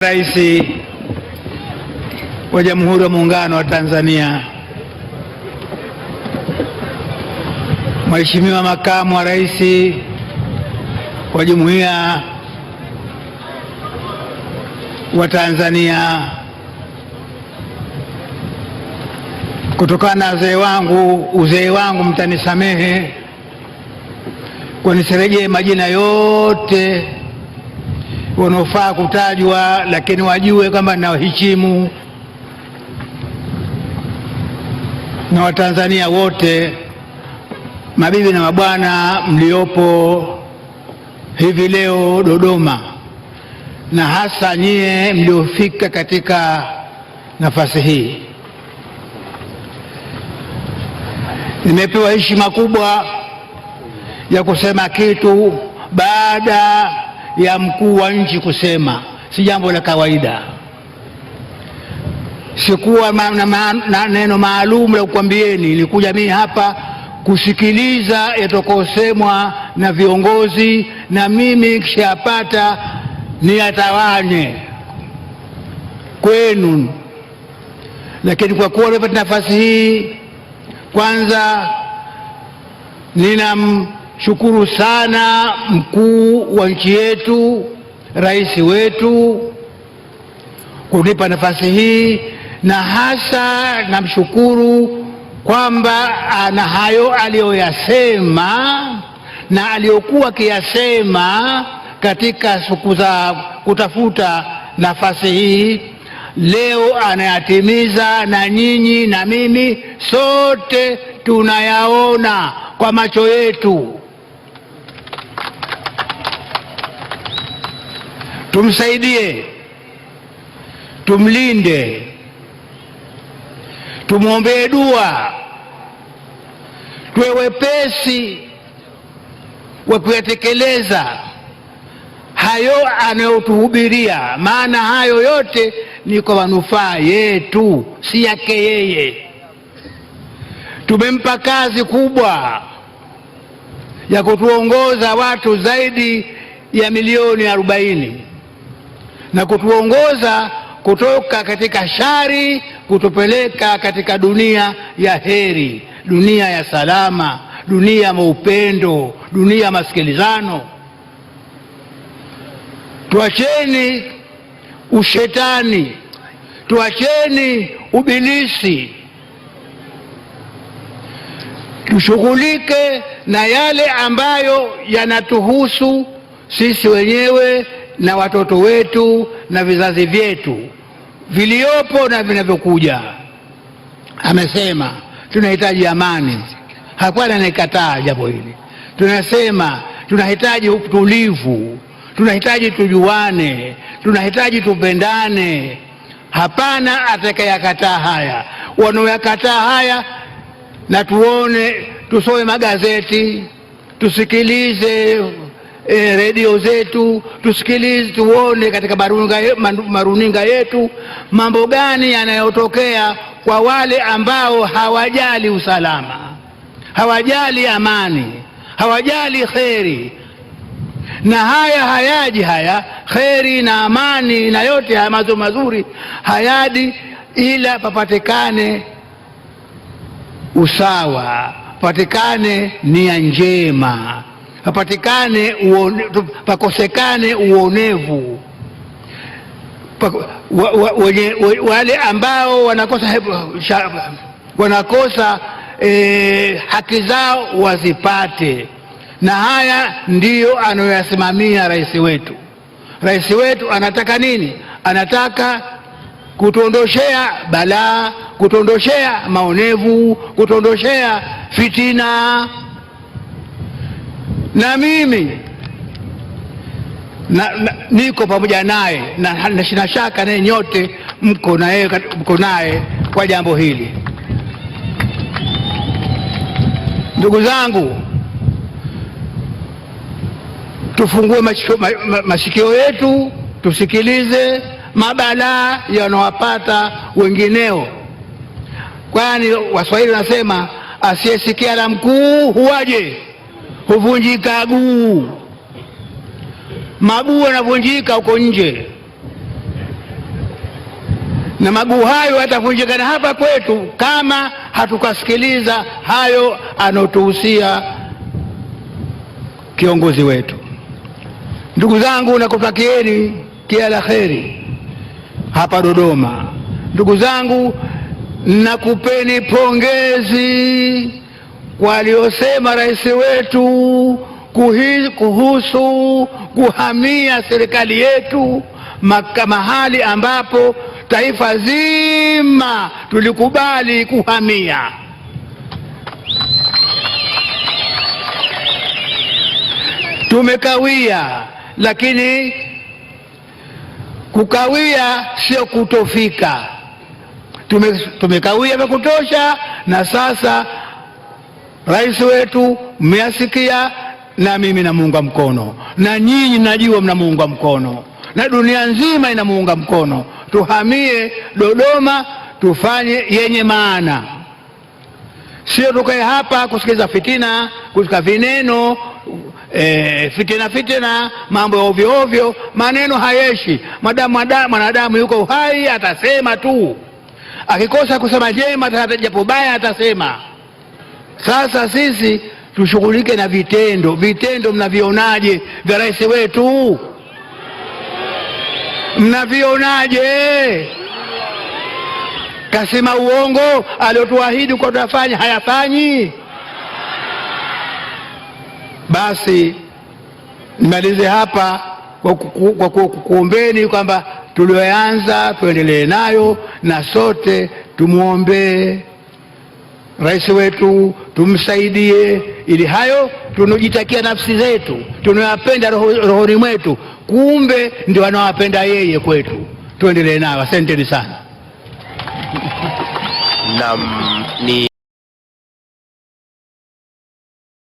Rais wa Jamhuri ya Muungano wa Tanzania, Mheshimiwa Makamu wa Rais wa Jumuiya wa Tanzania, kutokana na uzee wangu uzee wangu mtanisamehe kwa nisirejee majina yote wanaofaa kutajwa, lakini wajue kwamba nawaheshimu na Watanzania wote, mabibi na mabwana mliopo hivi leo Dodoma, na hasa nyie mliofika katika nafasi hii. Nimepewa heshima kubwa ya kusema kitu baada ya mkuu wa nchi kusema si jambo la kawaida. Sikuwa ma, na, ma, na neno maalum la kukwambieni, nilikuja mimi hapa kusikiliza yatokosemwa na viongozi, na mimi kishayapata niyatawanye kwenu. Lakini kwa kuwa nimepata nafasi hii, kwanza ninam Shukuru sana mkuu wa nchi yetu, rais wetu kunipa nafasi hii, na hasa namshukuru kwamba ana ah, hayo aliyoyasema na aliyokuwa akiyasema katika siku za kutafuta nafasi hii, leo anayatimiza, na nyinyi na mimi sote tunayaona kwa macho yetu. tumsaidie, tumlinde, tumwombee dua, tuwe wepesi wa kuyatekeleza hayo anayotuhubiria, maana hayo yote ni kwa manufaa yetu, si yake yeye. Tumempa kazi kubwa ya kutuongoza watu zaidi ya milioni arobaini na kutuongoza kutoka katika shari kutupeleka katika dunia ya heri, dunia ya salama, dunia ya upendo, dunia ya masikilizano. Tuacheni ushetani, tuacheni ubilisi, tushughulike na yale ambayo yanatuhusu sisi wenyewe na watoto wetu na vizazi vyetu viliopo na vinavyokuja. Amesema tunahitaji amani, hakuwa ananikataa jambo hili. Tunasema tunahitaji utulivu, tunahitaji tujuane, tunahitaji tupendane. Hapana atakayakataa haya. Wanaoyakataa haya, na tuone, tusome magazeti, tusikilize e, redio zetu tusikilize, tuone katika maruninga yetu mambo gani yanayotokea kwa wale ambao hawajali usalama, hawajali amani, hawajali kheri. Na haya hayaji haya, kheri na amani na yote haya mazo mazuri hayadi ila papatikane usawa, papatikane nia njema papatikane pakosekane uonevu wale wa, wa, wale ambao wanakosa, wanakosa e, haki zao wazipate, na haya ndiyo anayoyasimamia rais wetu. Rais wetu anataka nini? Anataka kutuondoshea balaa, kutuondoshea maonevu, kutuondoshea fitina na mimi na, na, niko pamoja naye na, na sina shaka naye, nyote mko naye mko naye kwa jambo hili. Ndugu zangu, tufungue masikio ma, ma, yetu tusikilize mabalaa yanawapata wengineo, kwani Waswahili wanasema asiyesikia la mkuu huwaje huvunjika guu, maguu yanavunjika huko nje, na maguu hayo yatavunjika na hapa kwetu kama hatukasikiliza hayo anaotuhusia kiongozi wetu. Ndugu zangu, nakutakieni kila la kheri hapa Dodoma. Ndugu zangu, nakupeni pongezi waliosema rais wetu kuhusu kuhamia serikali yetu mahali ambapo taifa zima tulikubali kuhamia. Tumekawia, lakini kukawia sio kutofika. Tume, tumekawia vya kutosha na sasa rais wetu mmeasikia na mimi namuunga mkono, na nyinyi najua mnamuunga mkono, na dunia nzima inamuunga mkono. Tuhamie Dodoma, tufanye yenye maana, sio tukae hapa kusikiliza fitina, kusika vineno E, fitina fitina, mambo ya ovyo ovyo, maneno hayeshi. Madamu mwanadamu yuko uhai atasema tu, akikosa kusema jema japo baya atasema. Sasa sisi tushughulike na vitendo. Vitendo mnavionaje vya rais wetu? Mnavionaje? Kasema uongo, aliotuahidi kwa tutafanya hayafanyi. Basi nimalize hapa kwa kuombeni kwamba tulioanza tuendelee nayo, na sote tumwombee rais wetu tumsaidie, ili hayo tunajitakia nafsi zetu tunayapenda rohoni mwetu, kumbe ndio anawapenda yeye kwetu. Tuendelee nayo. Asanteni sana. Naam, ni